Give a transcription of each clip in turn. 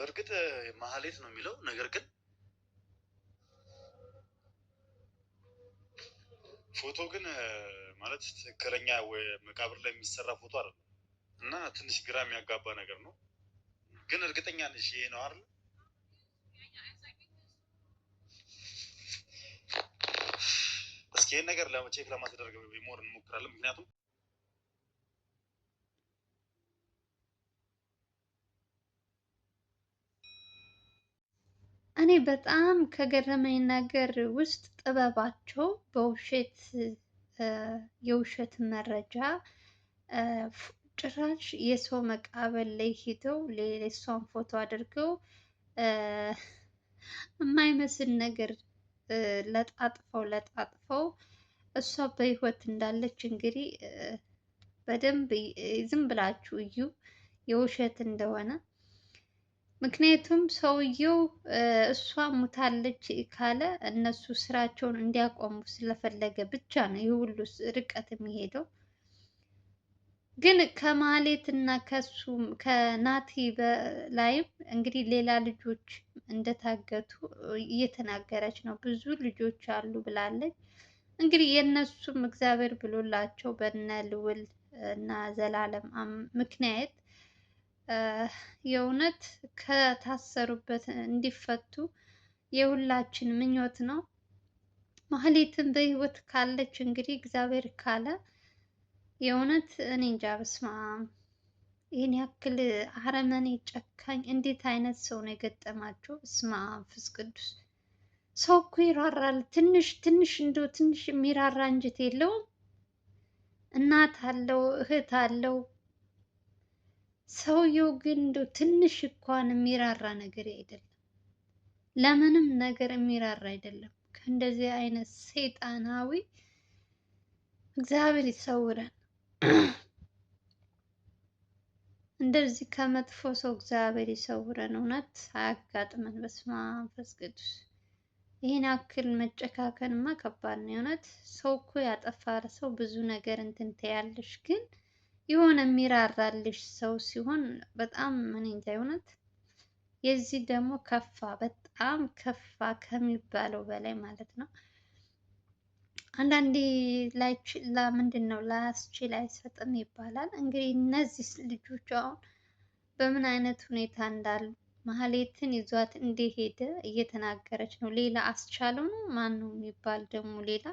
በእርግጥ ማህሌት ነው የሚለው ነገር ግን ፎቶ ግን ማለት ትክክለኛ መቃብር ላይ የሚሰራ ፎቶ አይደለም እና ትንሽ ግራ የሚያጋባ ነገር ነው። ግን እርግጠኛ ነሽ ይሄ ነው አይደል? እስኪ ይህን ነገር ቼክ ለማስደረግ ሞር እንሞክራለን ምክንያቱም እኔ በጣም ከገረመኝ ነገር ውስጥ ጥበባቸው በውሸት የውሸት መረጃ ጭራሽ የሰው መቃብር ላይ ሄደው የእሷን ፎቶ አድርገው የማይመስል ነገር ለጣጥፈው ለጣጥፈው እሷ በህይወት እንዳለች እንግዲህ በደንብ ዝም ብላችሁ እዩ የውሸት እንደሆነ ምክንያቱም ሰውየው እሷ ሙታለች ካለ እነሱ ስራቸውን እንዲያቆሙ ስለፈለገ ብቻ ነው ይህ ሁሉ ርቀት የሚሄደው። ግን ከማሌት እና ከሱ ከናቲ በላይም እንግዲህ ሌላ ልጆች እንደታገቱ እየተናገረች ነው። ብዙ ልጆች አሉ ብላለች። እንግዲህ የእነሱም እግዚአብሔር ብሎላቸው በነ እና ዘላለም ምክንያት የእውነት ከታሰሩበት እንዲፈቱ የሁላችን ምኞት ነው። ማህሌትን በህይወት ካለች እንግዲህ እግዚአብሔር ካለ የእውነት እኔ እንጃ በስመ አብ ይህን ያክል አረመኔ ጨካኝ እንዴት አይነት ሰው ነው የገጠማቸው? እስማ መንፈስ ቅዱስ ሰው እኮ ይራራል። ትንሽ ትንሽ እንደው ትንሽ የሚራራ እንጀት የለውም። እናት አለው፣ እህት አለው፣ ሰውየው ግን እንደው ትንሽ እንኳን የሚራራ ነገር አይደለም። ለምንም ነገር የሚራራ አይደለም። ከእንደዚህ አይነት ሰይጣናዊ እግዚአብሔር ይሰውረን። እንደዚህ ከመጥፎ ሰው እግዚአብሔር ይሰውረን። እውነት አያጋጥመን። በስመ አብ መንፈስ ቅዱስ። ይህን ያክል መጨካከንማ ከባድ ነው። የእውነት ሰው እኮ ያጠፋ ሰው ብዙ ነገር እንትን ትያለሽ ግን የሆነ የሚራራልሽ ሰው ሲሆን በጣም ምን እንጃ የእውነት የዚህ ደግሞ ከፋ፣ በጣም ከፋ ከሚባለው በላይ ማለት ነው። አንዳንዴ ላይች ምንድን ነው ላያስችል አይሰጥም ይባላል። እንግዲህ እነዚህ ልጆች አሁን በምን አይነት ሁኔታ እንዳሉ ማህሌትን ይዟት እንደሄደ እየተናገረች ነው። ሌላ አስቻለው ነው ማን ነው የሚባል ደግሞ ሌላ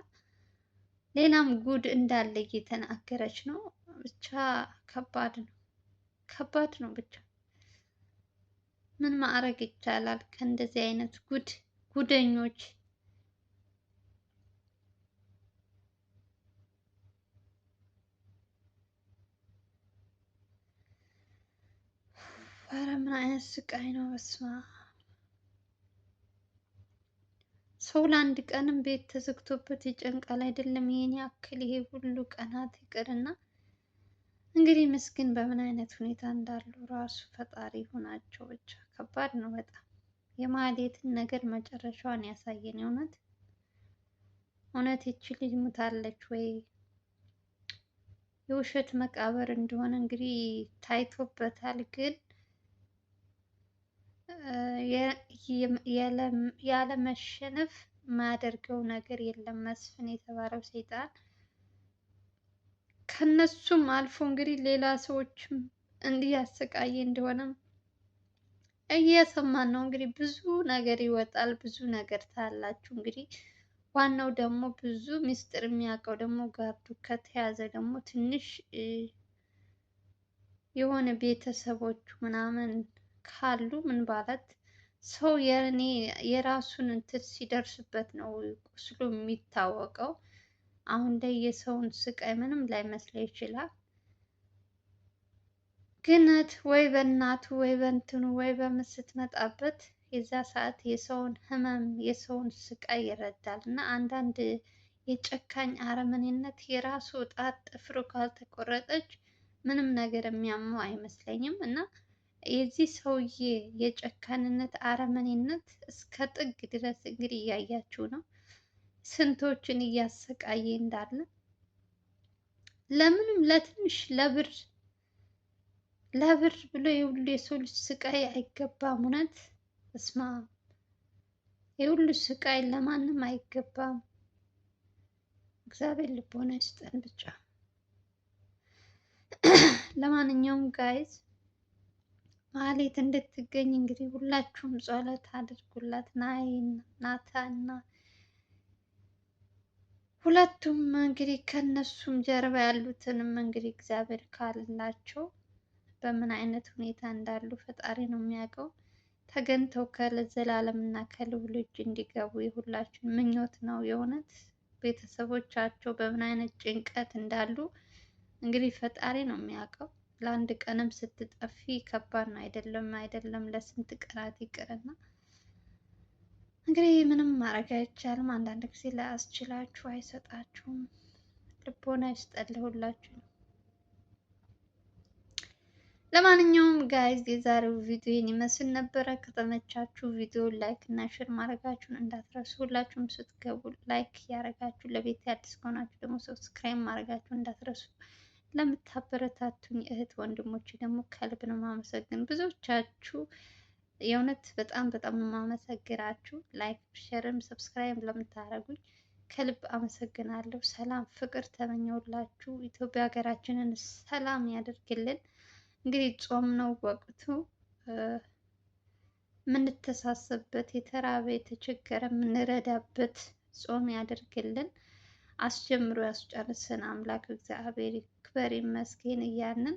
ሌላም ጉድ እንዳለ እየተናገረች ነው። ብቻ ከባድ ነው፣ ከባድ ነው። ብቻ ምን ማዕረግ ይቻላል ከእንደዚህ አይነት ጉድ ጉደኞች ኧረ ምን አይነት ስቃይ ነው! በስመ አብ ሰው ለአንድ ቀንም ቤት ተዘግቶበት ይጨንቃል አይደለም? ይሄን ያክል ይሄ ሁሉ ቀናት ይቅርና እንግዲህ ምስኪን በምን አይነት ሁኔታ እንዳሉ ራሱ ፈጣሪ ሆናቸው። ብቻ ከባድ ነው በጣም የማህሌትን ነገር መጨረሻዋን ያሳየን። እውነት እውነት ይቺ ልጅ ሙታለች ወይ የውሸት መቃብር እንደሆነ እንግዲህ ታይቶበታል ግን ያለ መሸነፍ ማደርገው ነገር የለም። መስፍን የተባለው ሰይጣን ከነሱም አልፎ እንግዲህ ሌላ ሰዎችም እንዲህ ያሰቃየ እንደሆነም እየሰማን ነው። እንግዲህ ብዙ ነገር ይወጣል፣ ብዙ ነገር ታያላችሁ። እንግዲህ ዋናው ደግሞ ብዙ ምስጢር የሚያውቀው ደግሞ ጋርዱ ከተያዘ ደግሞ ትንሽ የሆነ ቤተሰቦቹ ምናምን ካሉ ምን ማለት ሰው የኔ የራሱን እንትን ሲደርስበት ነው ቁስሉ የሚታወቀው። አሁን ላይ የሰውን ስቃይ ምንም ላይመስለው ይችላል። ግነት ወይ በእናቱ ወይ በእንትኑ ወይ በምን ስትመጣበት የዛ ሰዓት የሰውን ህመም የሰውን ስቃይ ይረዳል። እና አንዳንድ የጨካኝ አረመኔነት የራሱ ጣት ጥፍሩ ካልተቆረጠች ምንም ነገር የሚያመው አይመስለኝም እና የዚህ ሰውዬ የጨካንነት አረመኔነት እስከ ጥግ ድረስ እንግዲህ እያያችሁ ነው። ስንቶችን እያሰቃየ እንዳለ ለምንም ለትንሽ ለብር ለብር ብሎ የሁሉ የሰው ልጅ ስቃይ አይገባም። እውነት እስማ የሁሉ ስቃይ ለማንም አይገባም። እግዚአብሔር ልቦና ይስጠን ብቻ። ለማንኛውም ጋይዝ ማህሌት እንድትገኝ እንግዲህ ሁላችሁም ጸሎት አድርጉላት። ናይን ናታና ሁለቱም እንግዲህ ከነሱም ጀርባ ያሉትንም እንግዲህ እግዚአብሔር ካላቸው በምን አይነት ሁኔታ እንዳሉ ፈጣሪ ነው የሚያውቀው። ተገኝተው ከዘላለም እና ከልዑል እጅ እንዲገቡ የሁላችን ምኞት ነው። የእውነት ቤተሰቦቻቸው በምን አይነት ጭንቀት እንዳሉ እንግዲህ ፈጣሪ ነው የሚያውቀው። ለአንድ ቀንም ስትጠፊ ከባድ ነው አይደለም አይደለም ለስንት ቀናት ይቅርና እንግዲህ ምንም ማድረግ አይቻልም። አንዳንድ ጊዜ ላያስችላችሁ አይሰጣችሁም። ልቦና ይስጠልሁላችሁ። ለማንኛውም ጋይዝ የዛሬው ቪዲዮ ይህን ይመስል ነበረ። ከተመቻችሁ ቪዲዮ ላይክ እና ሼር ማድረጋችሁን እንዳትረሱ። ሁላችሁም ስትገቡ ላይክ ያደረጋችሁ፣ ለቤት አዲስ ከሆናችሁ ደግሞ ሰብስክራይብ ማድረጋችሁን እንዳትረሱ። ለምታበረታቱኝ እህት ወንድሞች ደግሞ ከልብ ነው ማመሰግን። ብዙዎቻችሁ የእውነት በጣም በጣም የማመሰግናችሁ ላይክ፣ ሸርም ሰብስክራይብ ለምታደርጉኝ ከልብ አመሰግናለሁ። ሰላም ፍቅር ተመኘውላችሁ። ኢትዮጵያ ሀገራችንን ሰላም ያደርግልን። እንግዲህ ጾም ነው ወቅቱ የምንተሳሰብበት የተራበ የተቸገረ የምንረዳበት ጾም ያደርግልን። አስጀምሮ ያስጨርስን አምላክ እግዚአብሔር ይክበር ይመስገን እያልን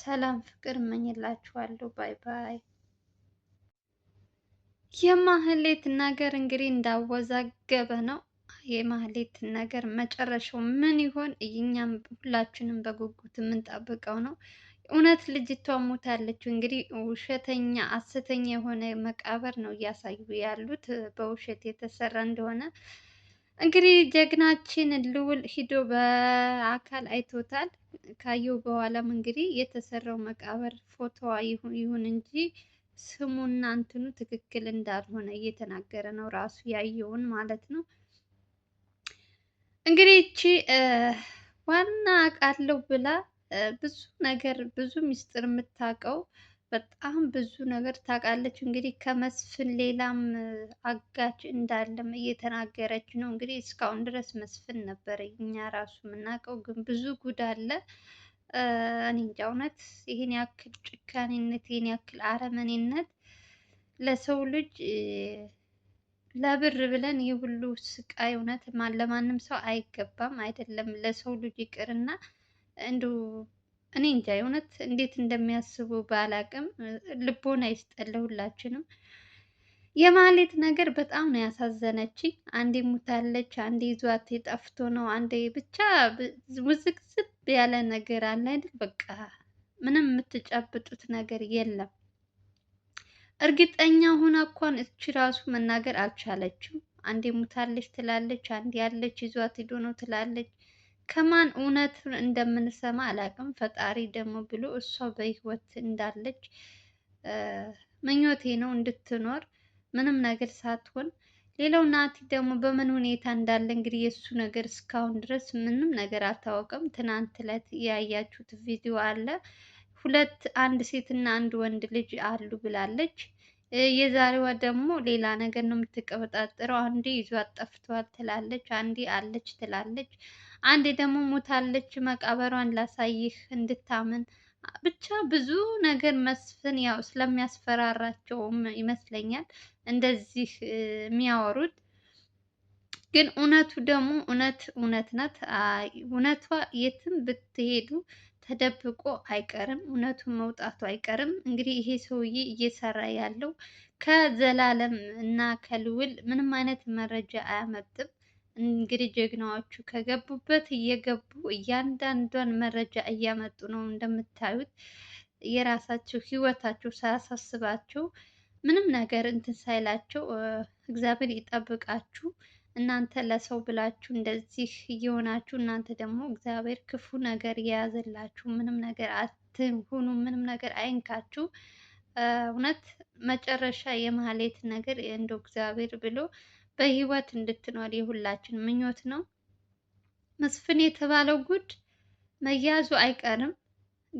ሰላም ፍቅር እመኝላችኋለሁ። ባይ ባይ። የማህሌት ነገር እንግዲህ እንዳወዛገበ ነው። የማህሌት ነገር መጨረሻው ምን ይሆን? እኛም ሁላችንም በጉጉት የምንጠብቀው ነው። እውነት ልጅቷ ሞታለች? እንግዲህ ውሸተኛ ሐሰተኛ የሆነ መቃብር ነው እያሳዩ ያሉት በውሸት የተሰራ እንደሆነ እንግዲህ ጀግናችን ልውል ሂዶ በአካል አይቶታል። ካየው በኋላም እንግዲህ የተሰራው መቃብር ፎቶዋ ይሁን እንጂ ስሙና እንትኑ ትክክል እንዳልሆነ እየተናገረ ነው፣ ራሱ ያየውን ማለት ነው። እንግዲህ እቺ ዋና አውቃለሁ ብላ ብዙ ነገር ብዙ ምስጢር የምታውቀው በጣም ብዙ ነገር ታውቃለች። እንግዲህ ከመስፍን ሌላም አጋች እንዳለም እየተናገረች ነው። እንግዲህ እስካሁን ድረስ መስፍን ነበር እኛ ራሱ የምናውቀው፣ ግን ብዙ ጉድ አለ። እኔ እንጃ እውነት ይህን ያክል ጭካኔነት፣ ይህን ያክል አረመኔነት ለሰው ልጅ ለብር ብለን ይህ ሁሉ ስቃይ እውነት ለማንም ሰው አይገባም። አይደለም ለሰው ልጅ ይቅርና እንዲሁ እኔ እንጃ እውነት እንዴት እንደሚያስቡ ባላቅም ልቦና አይስጠለሁላችንም የማሌት የማህሌት ነገር በጣም ነው ያሳዘነች አንዴ ሙታለች፣ አንዴ ይዟት የጠፍቶ ነው፣ አንዴ ብቻ ውዝግዝብ ያለ ነገር አለ አይደል? በቃ ምንም የምትጨብጡት ነገር የለም። እርግጠኛ ሆና እንኳን እቺ ራሱ መናገር አልቻለችም። አንዴ ሙታለች ትላለች፣ አንዴ ያለች ይዟት ሄዶ ነው ትላለች። ከማን እውነቱን እንደምንሰማ አላውቅም። ፈጣሪ ደግሞ ብሎ እሷ በህይወት እንዳለች ምኞቴ ነው እንድትኖር ምንም ነገር ሳትሆን። ሌላው ናቲ ደግሞ በምን ሁኔታ እንዳለ እንግዲህ የእሱ ነገር እስካሁን ድረስ ምንም ነገር አልታወቀም። ትናንት ዕለት ያያችሁት ቪዲዮ አለ። ሁለት አንድ ሴትና አንድ ወንድ ልጅ አሉ ብላለች። የዛሬዋ ደግሞ ሌላ ነገር ነው የምትቀበጣጥረው። አንዴ ይዟት ጠፍቷል ትላለች፣ አንዴ አለች ትላለች። አንዴ ደግሞ ሞታለች መቃበሯን ላሳይህ እንድታምን ብቻ ብዙ ነገር መስፍን ያው ስለሚያስፈራራቸውም ይመስለኛል እንደዚህ የሚያወሩት። ግን እውነቱ ደግሞ እውነት እውነት ናት። እውነቷ የትም ብትሄዱ ተደብቆ አይቀርም፣ እውነቱ መውጣቱ አይቀርም። እንግዲህ ይሄ ሰውዬ እየሰራ ያለው ከዘላለም እና ከልውል ምንም አይነት መረጃ አያመጥም። እንግዲህ ጀግናዎቹ ከገቡበት እየገቡ እያንዳንዷን መረጃ እያመጡ ነው። እንደምታዩት የራሳቸው ህይወታቸው ሳያሳስባቸው ምንም ነገር እንትን ሳይላቸው እግዚአብሔር ይጠብቃችሁ። እናንተ ለሰው ብላችሁ እንደዚህ እየሆናችሁ እናንተ ደግሞ እግዚአብሔር ክፉ ነገር የያዘላችሁ ምንም ነገር አትሁኑ፣ ምንም ነገር አይንካችሁ። እውነት መጨረሻ የማህሌት ነገር እንደው እግዚአብሔር ብሎ በህይወት እንድትኖር የሁላችን ምኞት ነው። መስፍን የተባለው ጉድ መያዙ አይቀርም።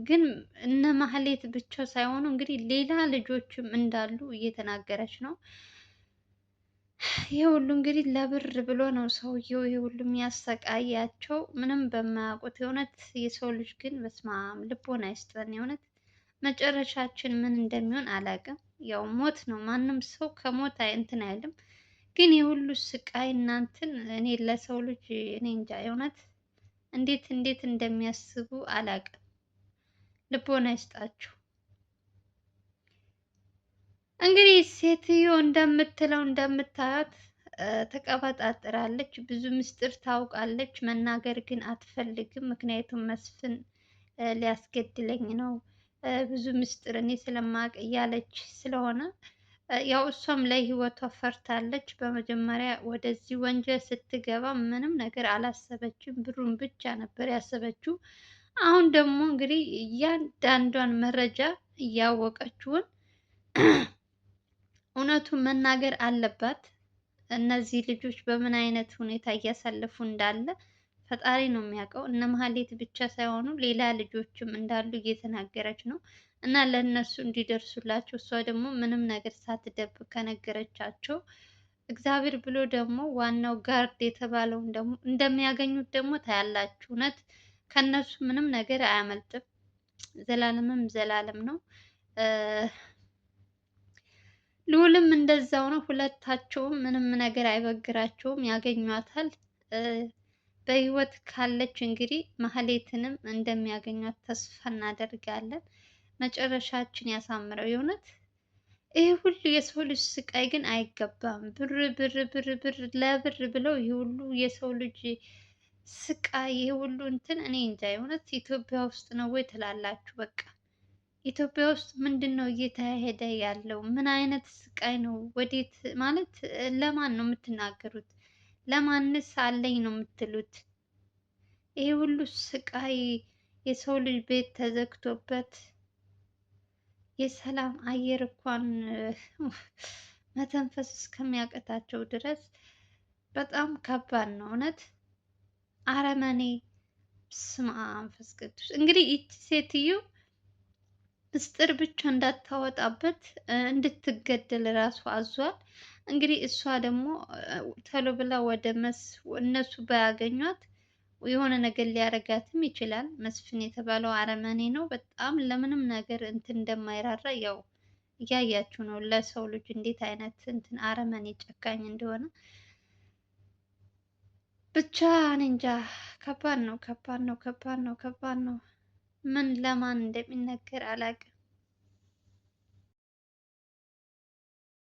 ግን እነ ማህሌት ብቻው ሳይሆኑ እንግዲህ ሌላ ልጆችም እንዳሉ እየተናገረች ነው። ይህ ሁሉ እንግዲህ ለብር ብሎ ነው ሰውየው ይህ ሁሉ የሚያሰቃያቸው ምንም በማያውቁት። የእውነት የሰው ልጅ ግን በስመ አብ ልቦና አይስጠን። የእውነት መጨረሻችን ምን እንደሚሆን አላውቅም። ያው ሞት ነው። ማንም ሰው ከሞት እንትን አይልም። ግን የሁሉ ስቃይ እናንትን እኔ ለሰው ልጅ እኔ እንጃ የእውነት እንዴት እንዴት እንደሚያስቡ አላቅም ልቦና ይስጣችሁ። እንግዲህ ሴትዮ እንደምትለው እንደምታያት ተቀባጣጥራለች። ብዙ ምስጢር ታውቃለች። መናገር ግን አትፈልግም። ምክንያቱም መስፍን ሊያስገድለኝ ነው ብዙ ምስጢር እኔ ስለማቅ እያለች ስለሆነ ያው እሷም ለህይወቷ ፈርታለች። በመጀመሪያ ወደዚህ ወንጀል ስትገባ ምንም ነገር አላሰበችም፣ ብሩን ብቻ ነበር ያሰበችው። አሁን ደግሞ እንግዲህ እያንዳንዷን መረጃ እያወቀችውን እውነቱን መናገር አለባት። እነዚህ ልጆች በምን አይነት ሁኔታ እያሳለፉ እንዳለ ፈጣሪ ነው የሚያውቀው። እነ መሀሌት ብቻ ሳይሆኑ ሌላ ልጆችም እንዳሉ እየተናገረች ነው። እና ለእነሱ እንዲደርሱላቸው እሷ ደግሞ ምንም ነገር ሳትደብቅ ከነገረቻቸው እግዚአብሔር ብሎ ደግሞ ዋናው ጋርድ የተባለውን ደግሞ እንደሚያገኙት ደግሞ ታያላችሁ። እውነት ከእነሱ ምንም ነገር አያመልጥም። ዘላለምም ዘላለም ነው። ልዑልም እንደዛው ነው። ሁለታቸውም ምንም ነገር አይበግራቸውም፣ ያገኟታል። በህይወት ካለች እንግዲህ ማህሌትንም እንደሚያገኟት ተስፋ እናደርጋለን። መጨረሻችን ያሳምረው የእውነት። ይህ ሁሉ የሰው ልጅ ስቃይ ግን አይገባም። ብር ብር ብር ብር ለብር ብለው ይህ ሁሉ የሰው ልጅ ስቃይ ይህ ሁሉ እንትን እኔ እንጃ የእውነት ኢትዮጵያ ውስጥ ነው ወይ ትላላችሁ? በቃ ኢትዮጵያ ውስጥ ምንድን ነው እየተካሄደ ያለው? ምን አይነት ስቃይ ነው? ወዴት ማለት ለማን ነው የምትናገሩት? ለማንስ አለኝ ነው የምትሉት? ይሄ ሁሉ ስቃይ የሰው ልጅ ቤት ተዘግቶበት የሰላም አየር እንኳን መተንፈስ እስከሚያቀታቸው ድረስ በጣም ከባድ ነው። እውነት አረመኔ ስማ መንፈስ ቅዱስ። እንግዲህ ይቺ ሴትዮ ምስጢር ብቻ እንዳታወጣበት እንድትገደል ራሱ አዟል። እንግዲህ እሷ ደግሞ ተሎ ብላ ወደ መስ እነሱ ባያገኟት የሆነ ነገር ሊያረጋትም ይችላል። መስፍን የተባለው አረመኔ ነው። በጣም ለምንም ነገር እንትን እንደማይራራ ያው እያያችሁ ነው፣ ለሰው ልጅ እንዴት አይነት እንትን አረመኔ ጨካኝ እንደሆነ ብቻ እኔ እንጃ። ከባድ ነው፣ ከባድ ነው፣ ከባድ ነው፣ ከባድ ነው። ምን ለማን እንደሚነገር አላውቅም።